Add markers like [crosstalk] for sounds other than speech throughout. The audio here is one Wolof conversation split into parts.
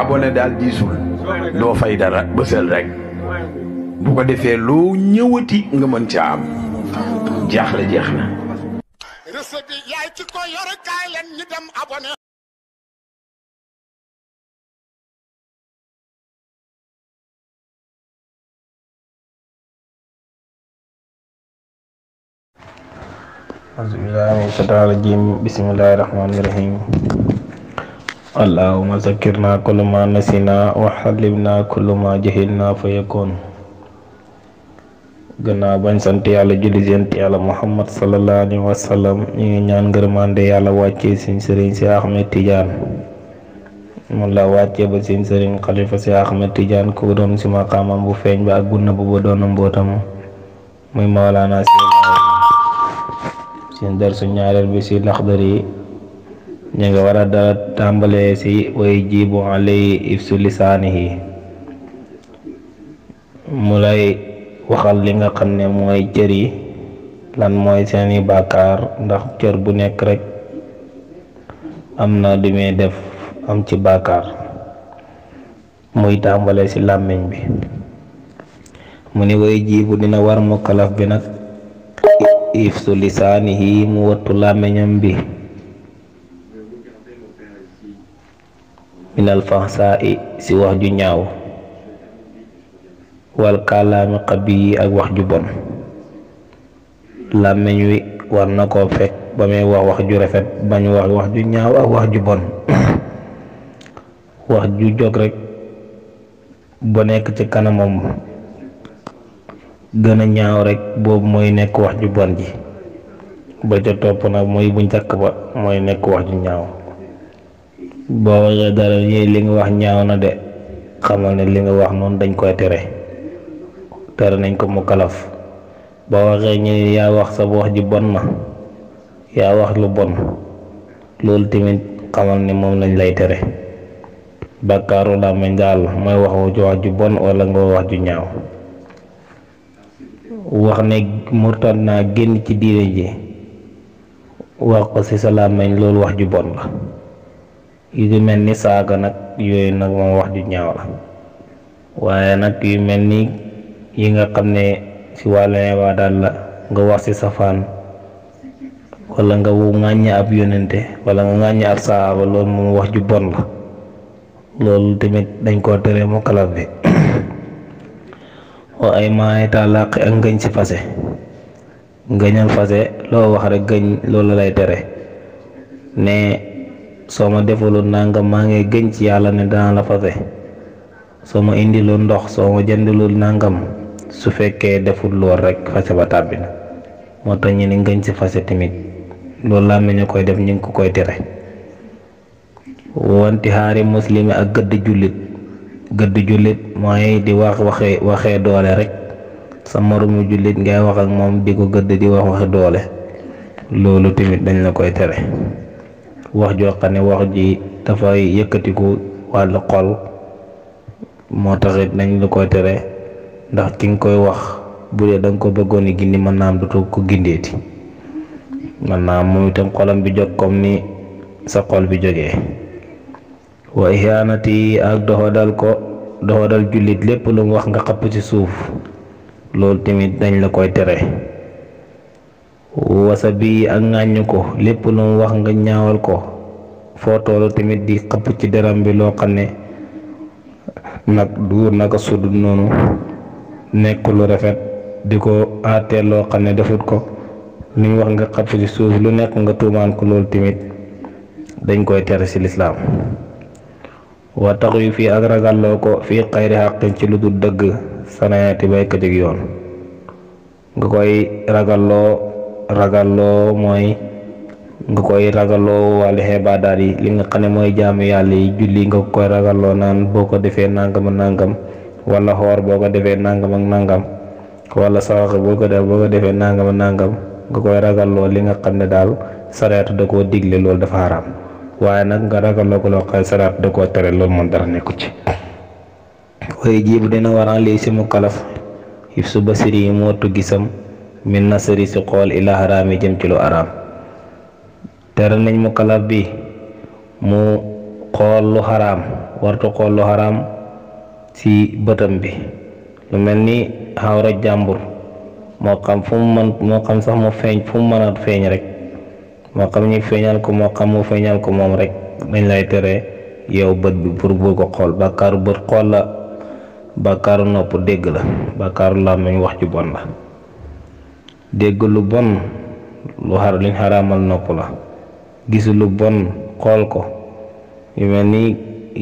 abonné dal disul, do fay dara bësal rek bu ko defé lo ñëwati nga mën ci am recette yaay ci ko yor kay ñu dem abonné Bismillahirrahmanirrahim. اللهم ذكرنا كل ما نسينا وحلمنا كل ما جهلنا فيكون gannaaw bañ sant yàlla julli ñaan ngërmande yàlla seen sëriñ mun la wàccee ba seen sëriñ xalifa si Ahmed Tidiane ko doon si maqaamam bu feeñ ba ak bu ba doon mbootam muy mawlaana seen darsu ñaareel bi si laxdar ña nga war a dara tàmbalee si way jibu yi ifsu lisaanihi mu lay waxal li nga xam ne mooy cër yi lan mooy seeni bàkkaar ndax cër bu nekk rekk am na du def am ci bàkkaar muy tàmbalee ci làmmiñ bi mu ni way jiibu dina war mu kalaf bi nag ifsu lisaanihi mu wattu làmmiñam bi minal faxsaa'i ci wax ju ñaaw wal kàllaami xabi yi ak wax ju bon làmmiñ wi war na koo fekk ba muy wax wax ju rafet bañ wax wax ju ñaaw ak wax ju bon wax ju jóg rekk ba nekk ci kanamam gën a ñaaw rek boobu mooy nekk wax ju bon ji ba ca topp nag mooy bu njëkk ba mooy nekk wax ju ñaaw boo waxee dara ñii li nga wax ñaaw na de xamal ne li nga wax noonu dañ koy tere tere nañ ko mu kalaf boo waxee ñu yaa wax sa wax ju bon ma yaa wax lu bon loolu tamit xamal ne moom lañ lay tere bàkkaaru laa mañ daal mooy wax ju bon wala nga wax ju ñaaw wax ne murtad naa génn ci diine ji wax ko ci sa làmmiñ loolu wax ju bon la di mel ni saaga nag yooyu nag moom wax ju ñaaw la waaye nag yu mel ni yi nga xam ne ci wàllu waa daal la nga wax ci safaan wala nga ŋàññi ab yónnente wala nga ŋàññi ab saaba loolu moom wax ju bon la loolu tamit dañ koo tere mu kalaf bi wa ay maay taalaq ak ngëñ ci fase ngëñal fase loo wax rek gëñ loolu lay tere ne soo ma defaloon nangam maa ngi gën ci yàlla ne dana la fafe soo ma indiloon ndox soo ma jëndilul nangam su fekkee deful lool rek fase ba tàbbi na moo tax ñu ne ngëñ si fase tamit loolu laa mel ne koy def ñu ngi ko koy tere wanti xaari muslimi ak gëdd jullit gëdd jullit mooy di wax waxe waxee doole rekk sa moromu jullit ngay wax ak moom di ko gëdd di wax waxe doole loolu tamit dañ la koy tere wax jo xam wax ji dafay yëkkatiku wàllu xol mo taxit nañ la koy téré ndax ki ng koy wax bu dé dang ko bëggoni gindi man naa am dutoo ko gindeeti mën naa am moom itam xolam bi jot kom ni sa xol bi jógee wa ihanati ak ko julit lépp lu wax nga xap ci suuf timit dañ la koy téré wasa bi ak ŋàññ ko lépp lu mu wax nga ñaawal ko foo toolu tamit di xëpp ci deram bi loo xam ne nag du naka sudd noonu nekk lu rafet di ko aatee loo xam ne defut ko lu ñu wax nga xëpp ci suuf lu nekk nga tuumaan ko loolu tamit dañ koy tere ci lislaam waa tax yu fii ak ragalloo ko fii xayri xàqin ci lu dul dëgg sanayaati baykat ak yoon nga koy ragalloo ragalloo mooy nga koy ragalloo wàllu xibaadaar yi li nga xam ne mooy jaamu yàlla yi julli nga koy ragalloo naan boo ko defee nangam ak nangam walla xoor boo ko defee nangam ak nangam wala sarax boo ko def boo ko defee nangam ak nangam nga koy ragalloo li nga xam ne daal sareet da koo digle loolu dafa xaraam waaye nag nga ragalloo ko loo xam sareet da koo tere loolu moom dara nekku ci. waaye jiib dina waran lii si mu kalaf if su basir moo tu gisam min nasri qol ila haram jëm ci lu araam teral nañ mu kala bi mu qol lu xaraam wartu qol lu haram ci bi lu melni ni jambur mo xam fu mu mo moo xam sax mo feñ fu mu feñ rek moo xam ñu feñal ko moo xam mo feñal ko mom rek dañ lay tere yow bët bi pour bu ko xol bakkar bët xol la bakkar nopp deg la la meñ wax ci bon la dégg lu bon lu har liñ haramal nopula gis lu bon xol ko yu melni ni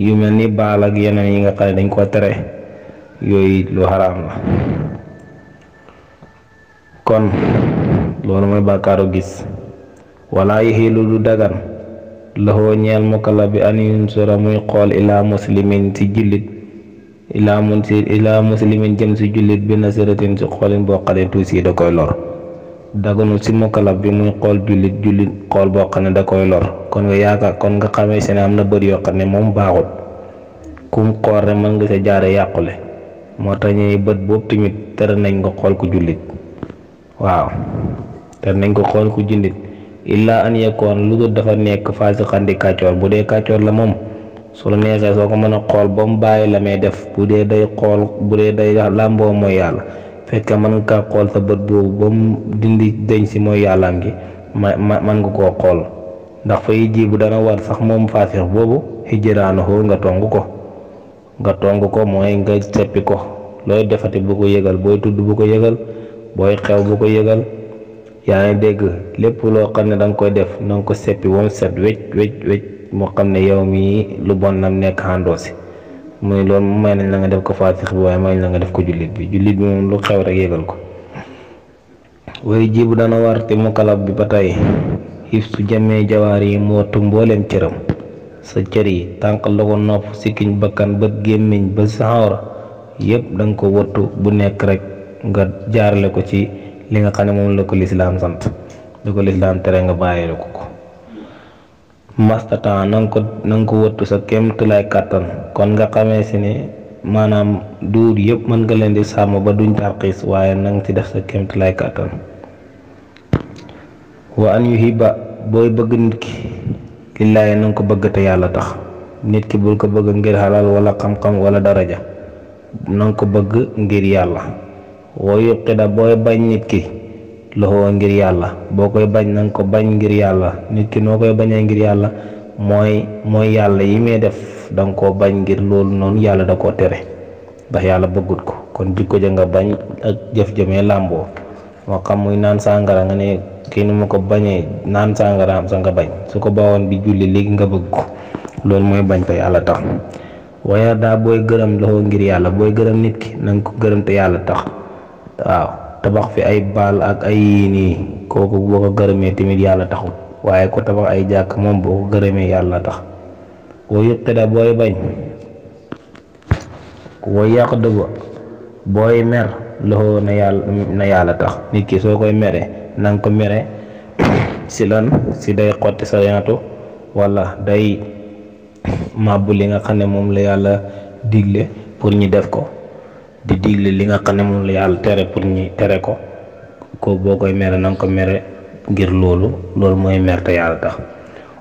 yu melni bal ak yenen yi nga xale dañ ko téré yoy lu haram la kon lolu moy bàkkaaru gis wala yixilu du dagan laxoo ñeel kala bi an yunsura muy xol ila muslimin ci jullit ila mun muslimin jëm ci jullit bi nasiratin si xolin bo xale da koy lor daganul si mukkalaf bi muy xool jullit jullit xool boo xam ne da koy lor kon nga yaakaar kon nga xamee si ne am na bët yoo xam ne moom baaxut kum xool rek mën nga sa jaare yàqule moo tax ñuy bët boobu tamit nañ ko xool ku jullit waaw tere nañ ko xool ku jullit illaa an yekoon lu dul dafa nekk faasixan di kàccoor bu dee kàccoor la moom su la neexee soo ko mën a xool ba mu bàyyi la may def bu dee day xool bu dee day làmboo mooy yàlla fekk man nga kaa xool sa bët boobu ba mu dindi deñ si mooy yàllaam gi ma ma mën nga koo xool ndax fa jibu dana war sax moom faasix boobu xijiraanoo nga tong ko nga tong ko mooy nga seppi ko looy defati bu ko yëgal booy tudd bu ko yëgal booy xew bu ko yëgal yaa ngi dégg lépp loo xam ne danga koy def na ko seppi ba set wécc wécc wécc moo xam ne yow mii lu bon nam nekk àndoo si mu ne loolu may nañ la nga def ko faasix bi waaye may nañ la nga def ko jullit bi jullit bi moom lu xew rek yégal ko waaye jibu dana warte mu kalab bi ba tey xif su jamee jawaar yi mu wattu mbooleem cëram sa cër yi tànk loxo nopp sikkiñ bakkan ba gémmiñ ba saxawra yëpp danga ko wattu bu nekk rek nga jaarale ko ci li nga xam ne moom la ko lislaam sant lu ko lislaam tere nga bàyyi ko ko mastatan na nga ko na ko wëttu sa kéemtulaay kàttan kon nga xamee si ne maanaam duur yëpp mën nga leen di sàmm ba duñ tarxiis waaye nanga nga ci def sa kéemtulaay kàttan wa an yu hiba booy bëgg nit ki lillaahi na nga ko bëgg te yàlla tax nit ki bul ko bëgg ngir xalal wala xam-xam wala daraja na ko bëgg ngir yàlla wa yuqida booy bañ nit ki loxo ngir yàlla boo koy bañ na ko bañ ngir yàlla nit ki noo koy bañee ngir yàlla mooy mooy yàlla yi muy def da nga bañ ngir loolu noonu yàlla da koo tere ndax yàlla bëggut ko kon jikko ja nga bañ ak jëf jëmee làmboo moo xam muy naan sàngara nga ne kii ni ma ko bañee naan sàngara am sa nga bañ su ko bawoon di julli léegi nga bëgg ko loolu mooy bañ te yàlla tax waaye daa booy gërëm loxo ngir yàlla booy gërëm nit ki na ko gërëm yàlla tax waaw tabax fi ay baal ak ay yii nii kooku boo ko gërëmee tamit yàlla taxul waaye ko tabax ay jàkk moom boo ko gërëmee yàlla tax boo yëqida booy bañ boo yàq dëgg booy mer loxo na yàlla na yàlla tax nit kii soo koy meree na ko mere [coughs] si lan si day xotti sa yaatu wala day [coughs] màbbu li nga xam ne moom la yàlla digle pour ñu def ko di digle li nga xamne mom la yalla téré pour ñi téré ko ko bokoy méré nang ko méré ngir lolu lolu moy mer te tax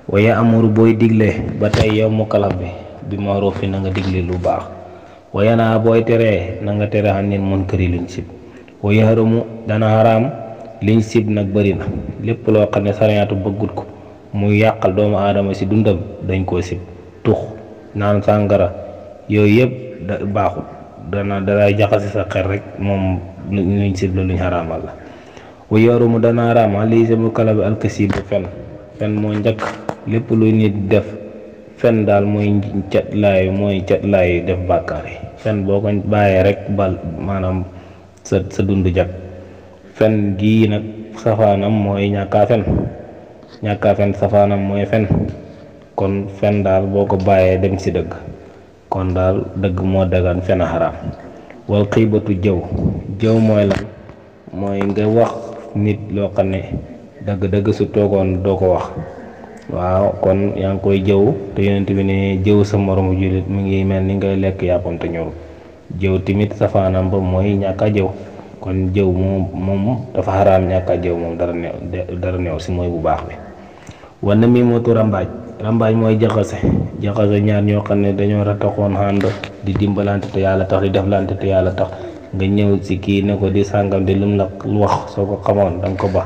waya amuru boy digle ba tay yow mo kalaf bi bi na nga digle lu baax waya naa boy téré na nga tere hanin nin mun këri luñ sib waya haramu dana haram liñ sib nak bari na lepp lo xamne ne bëggut ko muy yaqal doomu adama ci dundam dañ ko sib tukh nan sangara yoy yeb baaxul dana dalay jaxase sa xel rek moom luñ sib la luñ xaraamal la wa yarumu dana raama lii samu kala bi alkasibu fen fen moo njëkk lépp luy nit def fen daal mooy cat laay def bàkkaar yi fen boo ko bàyyee rek bal maanaam sa sa dund jag fen gii nag safaanam mooy ñàkkaa fen ñàkkaa fen safaanam mooy fen kon fen daal boo ko bàyyee dem si dëgg kon daal dëgg moo dagan fen a xaraam wal xiibatu jëw jëw mooy lan mooy nga wax nit loo xam ne dëgg-dëgg su toogoon doo ko wax waaw kon yaa ngi koy jëw te yonent bi ne jëw sa moromu julit mi ngi mel ni ngay lekk yàppam te ñorul jëw tamit safaanam ba mooy ñàkk a kon jëw moom moom dafa xaraam ñàkk a jëw moom dara neew dara neew si mooy bu baax bi wa na mii rambaaj rambaaj mooy jaxase jaxaso ñaar ñoo xam ne dañoo rataxoon ànd di dimbalante te yàlla tax di deflante te yàlla tax nga ñëw ci kii ne ko di sàngam de lum la wax soo ko xamoon danga ko ba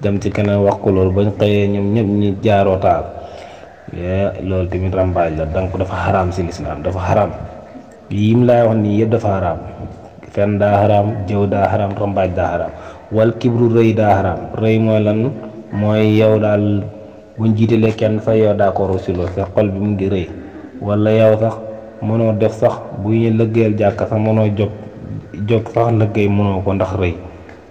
dem si keneen wax ko loolu bañ xëyee ñoom ñëpp ñu jaaroo taal eh, loolu tamit rambaaj la donc dafa xaraam ci lislaam dafa xaraam yi mu laay wax nii yëpp dafa xaraam fen daa xaraam jëw daa xaraam rambaaj daa xaraam wal kibru rëy daa xaraam rëy mooy lan mooy yow daal buñ jiitalee kenn sax yow d'accord si loolu sa xol bi mu ngi rëy wala yow sax mënoo def sax bu ñu lëggéeyal jàkka sax mënoo jóg jóg sax lëggéey mënoo ko ndax rëy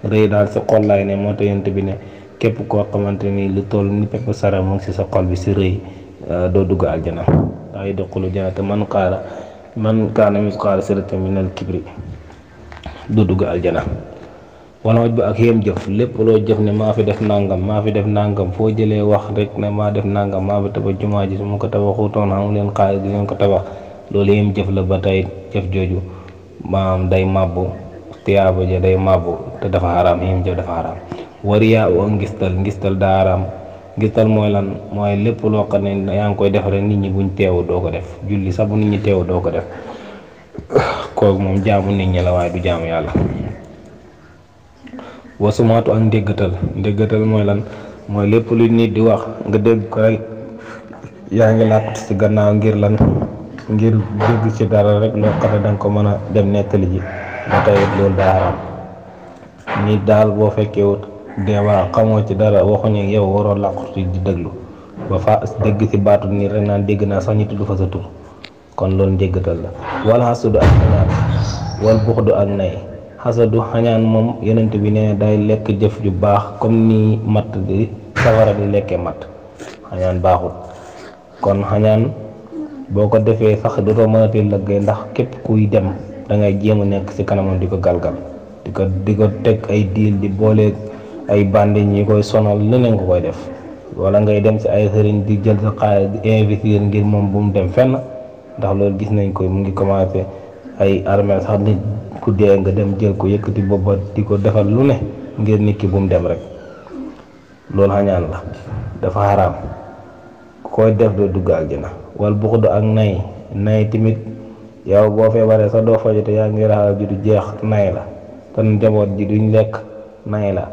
rëy daal sa xol laay ne moo tax bi ne képp koo xamante ni lu toll ni pepp sara mu ngi si sa xol bi si rëy euh, doo dugg aljana waaye doqulu janata man qaala man kaana misqaala saratin minal kibri doo dugg aljana wanawaj ba ak yem jëf lépp loo jëf ne maa fi def nangam maa fi def nangam foo jëlee wax rek ne def nangam maa fi tabax jumaa ji su ma ko tabaxutoon amu leen xaalis di ko tabax loolu yem jëf la ba tey jëf jooju maam day màbbu tiyaaba day màbbu te dafa xaraam yem jëf dafa xaraam wariyaa ngistal ngistal daa ngistal mooy lan mooy lépp loo xam ne yaa ngi koy def rek nit ñi buñ teewu doo ko def julli sax bu nit ñi teewu doo ko def kooku moom jaamu nit ñi la waaye du jaamu yàlla wasumatu ak ndegatal ndegatal moy lan moy lepp lu nit di wax nga deg ko rek yaa ngi ci gannaaw ngir lan ngir deg ci dara rek lo xam dang ko meuna dem netali ji ba tey loolu daa araam nit daal boo fekkewut deewaa xamo ci dara ni yow waroo làqatu di deglu ba fa deg ci batu ni rek na deg na sax fa sa tur kon la wal sudu wal ak nay xasadu xañaan moom yonent bi ne day lekk jëf ju baax comme ni matt di safara di lekkee matt xañaan baaxul kon xañaan boo ko defee sax dootoo la lëggee ndax képp kuy dem da ngay jéem nekk ci kanamam di ko galgal di ko di ko teg ay diil di boole ay bandi ñi koy sonal leneen ko koy def walla ngay dem ci ay sëriñ di jël sa xaalis di investir ngir moom bu mu dem fenn ndax loolu gis nañ ko mu ngi commencé. ay armée sax nit ku dee nga dem jël ko yëkkati booba di ko defal lu ne ngir nit ki bu mu dem rek loolu xañaan la dafa xaraam koy def doo dugg aljana wal buxdu ak nay nay timit yow boo feebaree sax doo fajate yaa ngi raxal ji du jeex nay la te njaboot ji duñ lekk nay la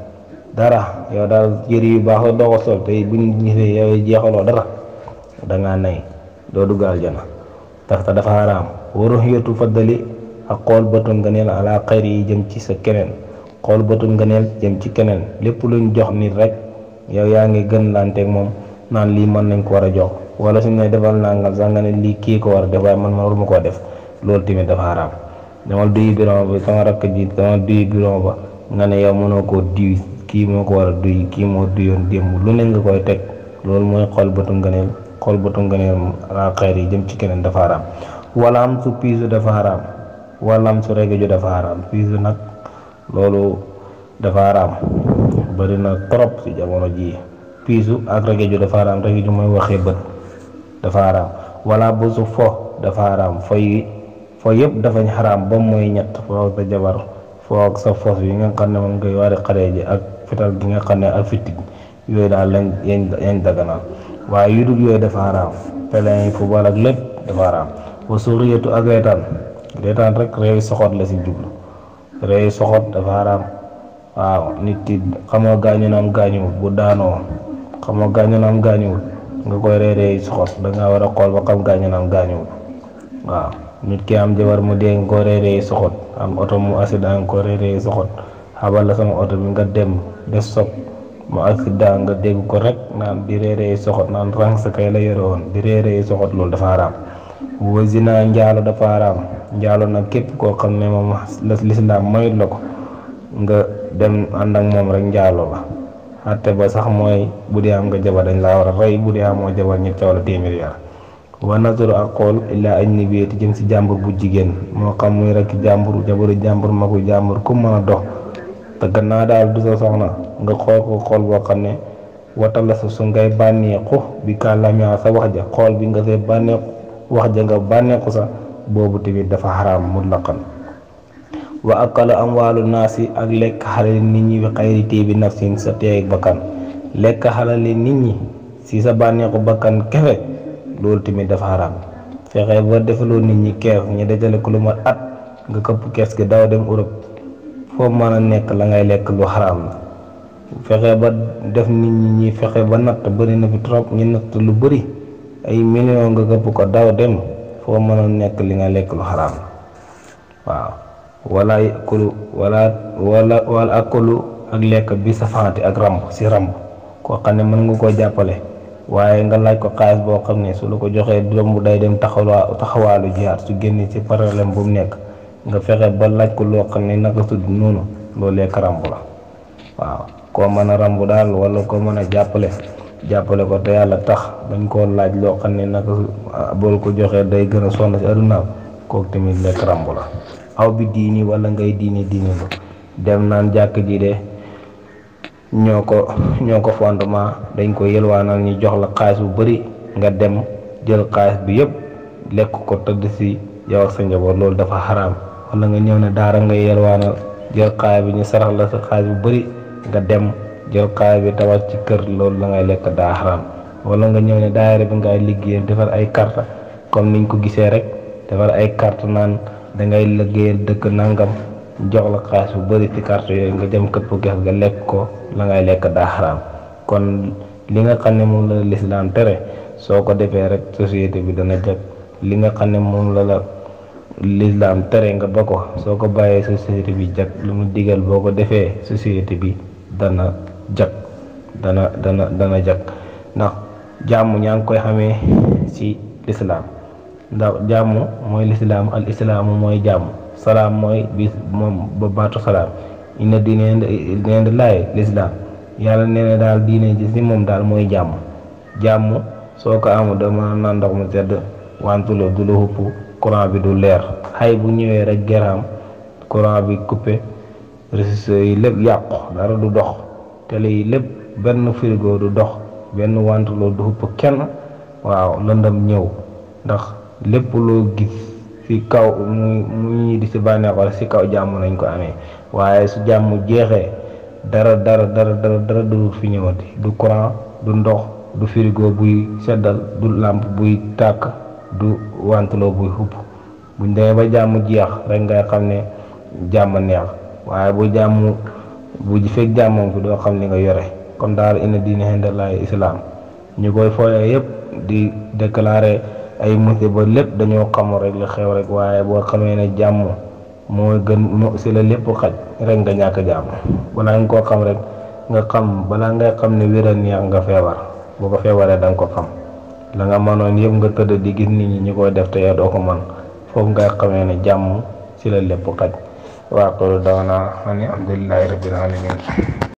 dara yow daal jëri yu baax la doo ko sol tey buñ gisee yow jeexaloo dara da ngaa nay doo dugg aljana tax te dafa xaraam wa ruhiyatul faddali ak xool bëtu ngëneel ala xayri yi jëm ci sa keneen xool bëtu ngëneel jëm ci keneen lépp luñ jox nit rek yow yaa ngi gën lanteeg moom naan lii mën nañ ko war a jox wala suñ ne defal naa nga sax nga ne kii ko war a def waaye man man waruma koo def loolu tamit dafa xaraam dama duy biron ba sama rakk ji dama duy ne yow mënoo koo duy kii moo ko war a duy kii moo duyoon démb lu ne nga koy teg loolu mooy xool bëtu ngëneel xool bëtu ngëneel ala xayri yi jëm ci keneen dafa xaraam walamsu piisu dafa xaraam walamsu regeju dafa xaraam piisu nag loolu dafa xaraam bëri na trop ci jamono ji piisu ak regeju dafa xaraam regeju mooy waxee bët dafa xaraam wala busu fo dafa xaraam fo yi fo yëpp dafañ xaraam ba mooy ñett foo ak sa jabar foo ak sa fos yi nga xam ne moom ngay wari xale ji ak fital gi nga xam ne ak fitig yooyu daal lañ yañ yañ daganal waaye yu dul yooyu dafa xaraam pelen yi ak lépp dafa xaraam wa suriyatu ak reetaan reetaan rek réew soxoot la si jublu réew soxot dafa xaraam waaw nit ki xamoo gaañu na am gaañuwul bu daanoo xamoo gaañu na am gaañuwul nga koy ree réew soxot da ngaa war a xool ba xam gaañu naam am gaañuwul waaw nit ki am jabar mu dee nga koy ree réew am oto mu accident nga koy ree réew soxot xabal la sama oto bi nga dem def sob mu accident nga dégg ko rek naan bi ree réew soxot naan rang sa kay la yore woon di ree soxot loolu dafa xaraam wazina njaalo dafa haram njaalo nak kep ko xamne mom moom lislaam mayut nga dem and ak mom rek njaalo la atte ba sax moy budi am nga jaba dañ la wara ray budi am mo jaba ñi tawla coow yar wa nazaru aqul illa anni ajnabiyati jëm ci jambur bu jigen mo xam moy rek jambur jabar jambur mako jambur ku mëna dox te ganna dal du soxna nga xol ko xol bo xamne watal sa su ngay banexu bi kàllaam sa wax ja xol bi nga fe banexu wax ja nga bànneeku sa bobu tamit dafa haram mutlaqan wa akala amwaalu nasi ak lek halal nit ñi bi xeyri tebi nafsin sa ak bakkan lek halal nit ñi si sa banexu bakkan kefe lol tamit dafa haram fexe ba defaloo nit ñi keef ñi dajale ko lu at nga këpp kess gi daw dem Europe fo mën nek la ngay lek lu haram fexe ba def nit ñi fexe ba nat na fi trop ñi nat lu ay million nga gëpp ko daw dem foo mën a nekk li nga lekk lu xaraam waaw wala kulu wala wala wala ak kulu ak lekk bi safaanati ak ramb si ramb koo xam ne mën nga koo jàppale waaye nga laaj ko xaalis boo xam ne su la ko joxee domb day dem taxawaa taxawaalu jihaat su génn ci problème bu mu nekk nga fexe ba laaj ko loo xam ne naka tudd noonu loo lekk ramb la waaw koo mën a ramb daal wala koo mën a jàppale jàppale ko te yàlla tax bañ koo laaj loo xam ne naka bool ko joxee day gën a sonn si adunaam kooku tamit lekk ràmb la aw bi diini walla ngay diini diini lu dem naan jàkk ji de ñoo ko ñoo ko fondement dañ ko yëlwaanal ñu jox la xaalis bu bari nga dem jël xaalis bi yëpp lekk ko tëdd si yow ak sa njaboot loolu dafa xaraam wala nga ñëw ne daara ngay yëlwaanal jël xaalis bi ñu sarax la sa xaalis bu bari nga dem jokkaay bi tabax ci kër loolu la ngay lekk daa walla nga ñëw ne daayira bi ngay liggéey defar ay carte comme niñ ko gisee rek defar ay carte naan dangay liggéeyal dëkk nangam jox la xaalis bu bëri ci carte yooyu nga jëm këpp ges nga lekk ko la ngay lekk daa kon li nga xam ne moom la lislaam tere soo ko defee rek société bi dana jag li nga xam ne moom la la lislaam tere nga ba ko soo ko bàyyee société bi jag lu mu digal boo ko defee société bi dana jag dana dana dana jag ndax jàmm ñaa ngi koy xamee ci lislaam ndax jàmm mooy lislaam al islaamu mooy jàmm salaam mooy bi moom ba baatu salaam inna diine neen laay lislaam yàlla nee na daal diine ji ci moom daal mooy jàmm jàmm soo ko amul dama naan ndox mu sedd wantuloo du la xupp courant bi du leer xay bu ñëwee rek geraam courant bi coupé réseaux yi lépp yàqu dara du dox te lii lépp benn frigo du dox benn wantuloo du ëpp kenn waaw lëndam ñëw ndax lépp loo gis ci kaw mu ñii di si bànneex wala si kaw jàmm nañ ko amee waaye su jàmm jeexee dara dara dara du fi ñëwati du courant du ndox du frigo buy seddal du làmp buy tàkk du wanteloo buy xupp buñ demee ba jàmm jeex rek ngay xam ne jàmm neex waaye bu jàmm bu ji fekk jàmmoom fi doo xam ni nga yore kon daal inna diine hendallaay islaam ñu koy fooyee yëpp di déclarer ay musiba lépp dañoo xamul rek li xew rek waaye boo xamee ne jàmm moo gën mu si la lépp xaj rek nga ñàkk jàmm balaa nga koo xam rek nga xam balaa ngay xam ne wéral neex nga feebar boo ko feebaree da nga ko xam la nga mënoon yëpp nga tëdd di gis nit ñi ñu koy def te yow doo ko mën foofu ngay xamee ne jàmm si la lépp xaj wa aqulu da'wana ani alhamdulillahi rabbil alamin